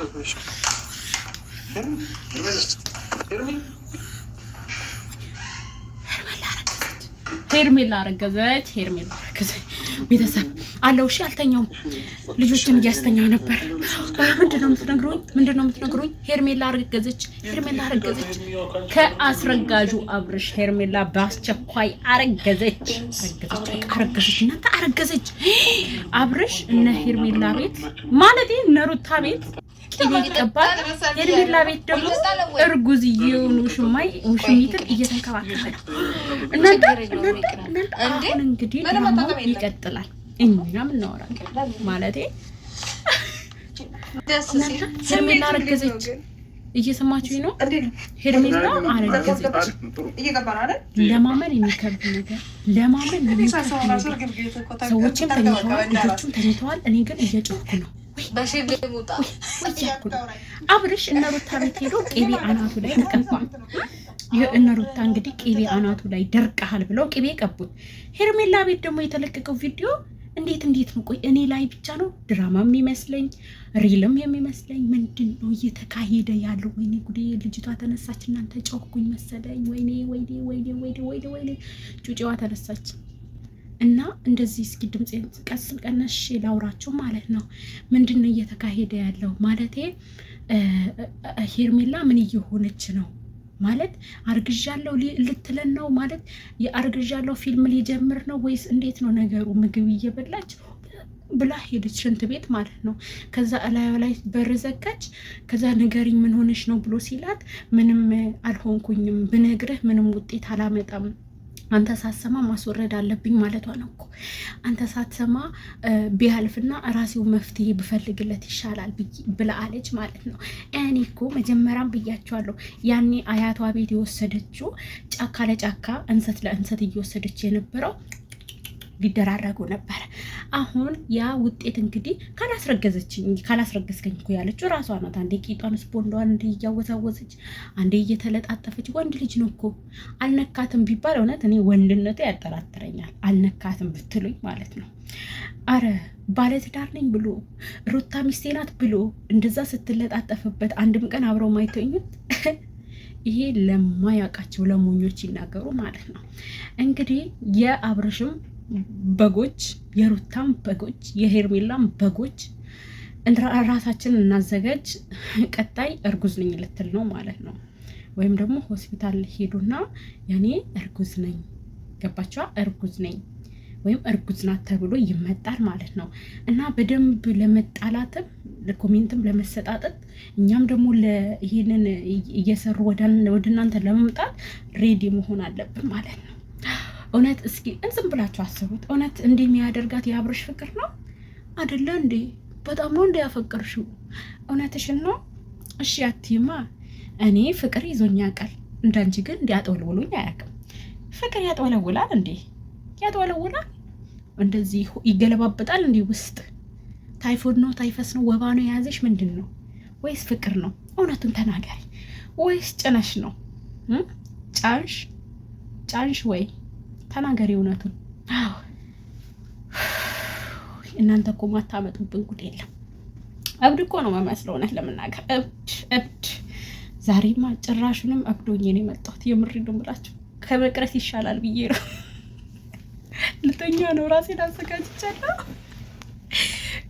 ሄርሜላ አረገዘች። ሄርሜላ አረገዘች። ቤተሰብ አለው። እሺ አልተኛውም፣ ልጆችን እያስተኛው ነበር። ምንድነው የምትነግሩኝ? ምንድነው የምትነግሩኝ? ሄርሜላ አረገዘች። ሄርሜላ አረገዘች። ከአስረጋጁ አብርሽ ሄርሜላ በአስቸኳይ አረገዘች። አረገዘች፣ አረገዘች፣ እናንተ አረገዘች። አብርሽ እነ ሄርሜላ ቤት ማለት እነ ሩታ ቤት ቅቤ ይቀባል። ቤት ደግሞ እርጉዝ የሆኑ ሽማይ ውሽሚትን እየተንከባከበ ነው። እናንተ እናንተ አሁን እንግዲህ ይቀጥላል፣ እኛም እናወራለን። ማለቴ ሄርሜላ አረገዘች። እየሰማችሁ ነው? ሄርሜላ አረገዘች። ለማመን የሚከብድ ነገር፣ ለማመን የሚከብድ ነገር። ሰዎችም ተኝተዋል፣ ልጆቹም ተኝተዋል። እኔ ግን እየጮኩ ነው አብርሽ እነ ሩታ ቤት ሄዶ ቅቤ አናቱ ላይ ተቀባ። እነ ሩታ እንግዲህ ቅቤ አናቱ ላይ ደርቀሃል ብለው ቅቤ ቀቡት። ሄርሜላ ቤት ደግሞ የተለቀቀው ቪዲዮ እንዴት እንዴት ነው? ቆይ እኔ ላይ ብቻ ነው ድራማ የሚመስለኝ ሪልም የሚመስለኝ ምንድን ነው እየተካሄደ ያለው? ወይኔ ጉዴ! ልጅቷ ተነሳች፣ እናንተ ጨውኩኝ መሰለኝ። ወይኔ ወይኔ ወይኔ ወይኔ ወይኔ ወይኔ ጩጬዋ ተነሳች። እና እንደዚህ እስኪ ድምፅ ቀስል ቀነሽ ላውራችሁ ማለት ነው። ምንድን ነው እየተካሄደ ያለው ማለቴ ሄርሜላ ምን እየሆነች ነው ማለት አርግዣለሁ ልትለን ነው ማለት የአርግዣለሁ ፊልም ሊጀምር ነው ወይስ እንዴት ነው ነገሩ? ምግብ እየበላች ብላ ሄደች ሽንት ቤት ማለት ነው። ከዛ እላዩ ላይ በር ዘጋች። ከዛ ንገሪኝ ምን ሆነች ነው ብሎ ሲላት ምንም አልሆንኩኝም ብነግርህ ምንም ውጤት አላመጣም አንተ ሳትሰማ ማስወረድ አለብኝ ማለቷ ነው እኮ። አንተ ሳትሰማ ቢያልፍና ራሴው መፍትሄ ብፈልግለት ይሻላል ብለአለች ማለት ነው። እኔ እኮ መጀመሪያም ብያቸዋለሁ። ያኔ አያቷ ቤት የወሰደችው ጫካ ለጫካ እንሰት ለእንሰት እየወሰደች የነበረው ሊደራረጉ ነበር። አሁን ያ ውጤት እንግዲህ ካላስረገዘችኝ ካላስረገዝከኝ እኮ ያለችው ራሷ ናት። አንዴ ቂጧን ስፖንዷን እያወዛወዘች አንዴ እየተለጣጠፈች ወንድ ልጅ ነው እኮ አልነካትም ቢባል እውነት እኔ ወንድነቱ ያጠራጥረኛል። አልነካትም ብትሉኝ ማለት ነው። አረ ባለትዳር ነኝ ብሎ ሩታ ሚስቴ ናት ብሎ እንደዛ ስትለጣጠፍበት አንድም ቀን አብረው ማይተኙት ይሄ ለማያውቃቸው ለሞኞች ይናገሩ ማለት ነው። እንግዲህ የአብርሽም በጎች የሩታም በጎች የሄርሜላም በጎች ራሳችንን እናዘጋጅ። ቀጣይ እርጉዝ ነኝ ልትል ነው ማለት ነው። ወይም ደግሞ ሆስፒታል ሄዱና ያኔ እርጉዝ ነኝ ገባቸዋ፣ እርጉዝ ነኝ ወይም እርጉዝ ናት ተብሎ ይመጣል ማለት ነው። እና በደንብ ለመጣላትም ለኮሜንትም ለመሰጣጠጥ እኛም ደግሞ ይሄንን እየሰሩ ወደ እናንተ ለመምጣት ሬዲ መሆን አለብን ማለት ነው። እውነት እስኪ እንዝም ብላችሁ አስቡት። እውነት እንዲህ የሚያደርጋት የአብርሽ ፍቅር ነው አደለ እንዴ? በጣም ነው እንዲ ያፈቅርሽው። እውነትሽን ነው። እሺ አትይማ፣ እኔ ፍቅር ይዞኝ ያውቃል። እንዳንቺ ግን እንዲ ያጠወልውሉኝ አያውቅም። ፍቅር ያጠወለውላል እንዴ? ያጠወለውላል እንደዚህ ይገለባበጣል እንዲህ ውስጥ። ታይፎድ ነው ታይፈስ ነው ወባ ነው የያዘሽ ምንድን ነው? ወይስ ፍቅር ነው? እውነቱን ተናገሪ። ወይስ ጭነሽ ነው ጫንሽ ጫንሽ ወይ ተናገሪ እውነቱን። እናንተ እኮ ማታመጡብን ጉድ የለም። እብድ እኮ ነው መመስለው እውነት ለመናገር እብድ እብድ። ዛሬማ ጭራሹንም እብዶኝ ነው የመጣሁት። የምሬን ነው ከመቅረት ይሻላል ብዬ ነው። ልተኛ ነው ራሴን አዘጋጅቻለሁ።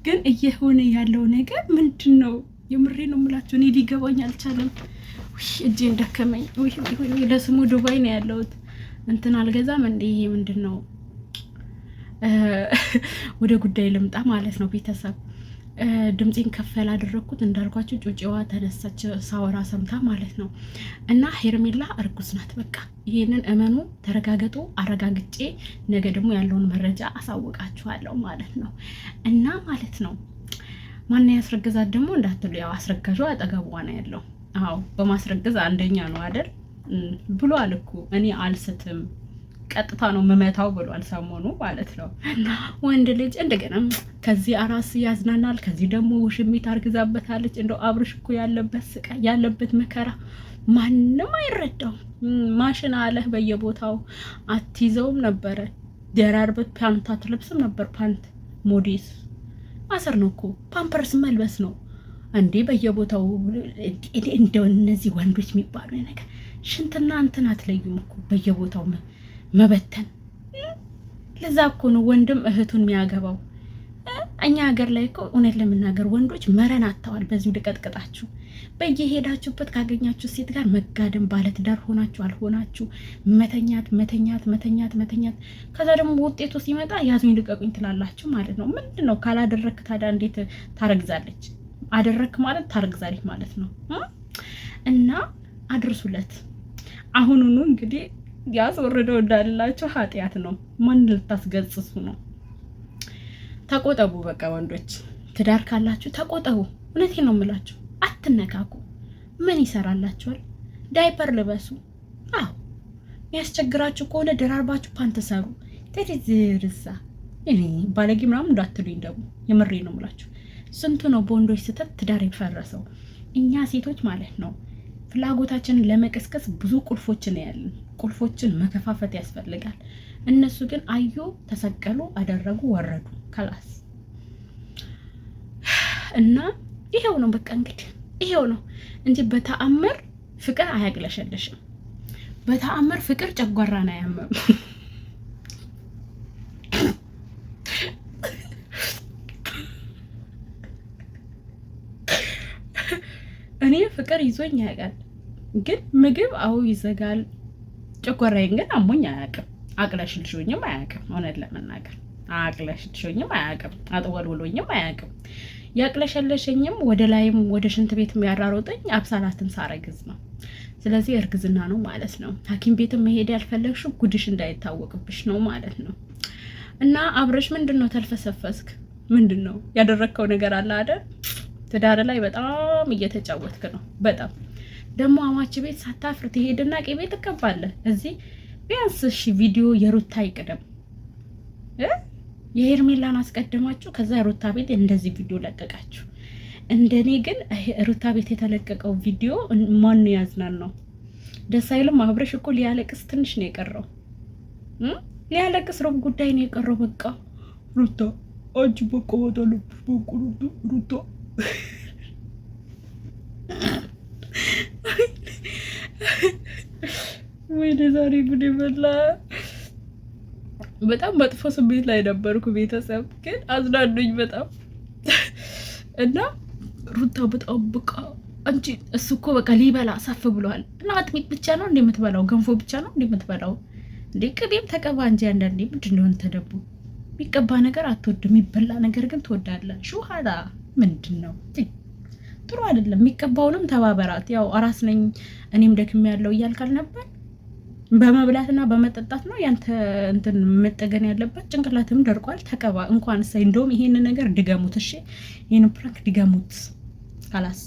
ግን እየሆነ ያለው ነገር ምንድን ነው? የምሬን ነው የምላችሁ እኔ ሊገባኝ አልቻለም። እጄን ደከመኝ። ለስሙ ዱባይ ነው ያለሁት እንትን አልገዛም እንደ ይሄ ምንድን ነው? ወደ ጉዳይ ልምጣ ማለት ነው ቤተሰብ ድምፄን ከፍ ያላደረግኩት እንዳልኳቸው ጩጬዋ ተነሳች ሳወራ ሰምታ ማለት ነው። እና ሄርሜላ እርጉዝ ናት። በቃ ይሄንን እመኑ፣ ተረጋገጡ። አረጋግጬ ነገ ደግሞ ያለውን መረጃ አሳውቃችኋለሁ ማለት ነው። እና ማለት ነው ማን ያስረገዛት ደግሞ እንዳትሉ፣ ያው አስረጋዧ አጠገቧ ነው ያለው። አዎ በማስረገዝ አንደኛ ነው አደል? ብሏል እኮ እኔ አልስትም ቀጥታ ነው ምመታው ብሏል። ሰሞኑ ማለት ነው። እና ወንድ ልጅ እንደገና ከዚህ አራስ ያዝናናል፣ ከዚህ ደግሞ ውሽሚት አርግዛበታለች። እንደው አብርሽ እኮ ያለበት ስቃይ ያለበት መከራ ማንም አይረዳው። ማሽን አለህ በየቦታው አትይዘውም ነበረ። ደራርበት ፓንት አትለብስም ነበር። ፓንት ሞዴስ አስር ነው እኮ ፓምፐርስ መልበስ ነው እንዴ በየቦታው። እንደው እነዚህ ወንዶች የሚባሉ ነገር ሽንትና እንትን አትለዩም እኮ በየቦታው መበተን። ለዛ እኮ ነው ወንድም እህቱን የሚያገባው። እኛ ሀገር ላይ እኮ እውነት ለምናገር ወንዶች መረን አጥተዋል። በዚህ ልቀጥቅጣችሁ፣ በየሄዳችሁበት ካገኛችሁ ሴት ጋር መጋደም፣ ባለትዳር ሆናችሁ አልሆናችሁ፣ መተኛት መተኛት መተኛት መተኛት። ከዛ ደግሞ ውጤቱ ሲመጣ ያዙኝ ልቀቁኝ ትላላችሁ ማለት ነው። ምንድን ነው ካላደረክ ታዲያ እንዴት ታረግዛለች? አደረክ ማለት ታረግዛለች ማለት ነው። እና አድርሱለት አሁኑኑ እንግዲህ ያስወርደው እንዳልላቸው ኃጢአት ነው። ማን ልታስገጽሱ ነው? ተቆጠቡ። በቃ ወንዶች ትዳር ካላችሁ ተቆጠቡ። እውነቴ ነው የምላችሁ፣ አትነካኩ። ምን ይሰራላችኋል? ዳይፐር ልበሱ። አዎ የሚያስቸግራችሁ ከሆነ ደራርባችሁ ፓንት ሰሩ። ቴዲ እኔ ባለጌ ምናምን እንዳትሉኝ ደግሞ የምሬ ነው የምላችሁ። ስንቱ ነው በወንዶች ስህተት ትዳር የፈረሰው? እኛ ሴቶች ማለት ነው ፍላጎታችንን ለመቀስቀስ ብዙ ቁልፎችን ያለን ቁልፎችን መከፋፈት ያስፈልጋል። እነሱ ግን አዩ፣ ተሰቀሉ፣ አደረጉ፣ ወረዱ ከላስ እና ይሄው ነው በቃ እንግዲህ ይሄው ነው እንጂ በተአምር ፍቅር አያግለሸለሽም። በተአምር ፍቅር ጨጓራን አያመም። እኔ ፍቅር ይዞኝ ያውቃል፣ ግን ምግብ አዎ ይዘጋል። ጨጓራዬን ግን አሞኝ አያውቅም። አቅለሽልሾኝም አያውቅም። እውነት ለመናገር አቅለሽልሾኝም አያውቅም። አጥወልውሎኝም አያውቅም። ያቅለሸለሸኝም ወደ ላይም ወደ ሽንት ቤት የሚያራሮጠኝ አብሳላትን ሳረግዝ ነው። ስለዚህ እርግዝና ነው ማለት ነው። ሐኪም ቤትም መሄድ ያልፈለግሽው ጉድሽ እንዳይታወቅብሽ ነው ማለት ነው። እና አብረሽ ምንድን ነው ተልፈሰፈስክ? ምንድን ነው ያደረግከው ነገር አለ አይደል? ትዳር ላይ በጣም እየተጫወትክ ነው። በጣም ደግሞ አማች ቤት ሳታፍር ትሄድና ቅቤ ትቀባለህ። እዚህ ቢያንስ እሺ ቪዲዮ የሩታ ይቅደም የሄርሜላን አስቀድማችሁ ከዛ ሩታ ቤት እንደዚህ ቪዲዮ ለቀቃችሁ። እንደኔ ግን ሩታ ቤት የተለቀቀው ቪዲዮ ማን ያዝናን ነው? ደስ አይልም። አብረሽ እኮ ሊያለቅስ ትንሽ ነው የቀረው፣ ሊያለቅስ ሩብ ጉዳይ ነው የቀረው። በቃ ሩታ አንቺ በቃ ባታለብሽ በቁ ሩታ ወይኔ ዛሬ ጉድ በጣም መጥፎ ስሜት ላይ ነበርኩ። ቤተሰብ ግን አዝናኑኝ በጣም እና ሩታ በጣም በቃ አንቺ እሱ እኮ በቃ ሊበላ ሰፍ ብሏል። እና አጥሚት ብቻ ነው የምትበላው? ገንፎ ብቻ ነው የምትበላው እንዴ ቅቤም ተቀባ እንጂ አንዳንዴ ምንድን ነው ተደቡ የሚቀባ ነገር አትወድም፣ የሚበላ ነገር ግን ትወዳለህ ሹሃዳ ምንድን ነው ጥሩ አይደለም። የሚቀባውንም ተባበራት። ያው አራስ ነኝ እኔም ደክም ያለው እያልካል ነበር። በመብላትና በመጠጣት ነው ያንተ እንትን መጠገን ያለበት። ጭንቅላትም ደርቋል። ተቀባ እንኳን ሳይ እንደውም ይሄን ነገር ድገሙት። እሺ ይህን ፕራንክ ድገሙት። ካላስ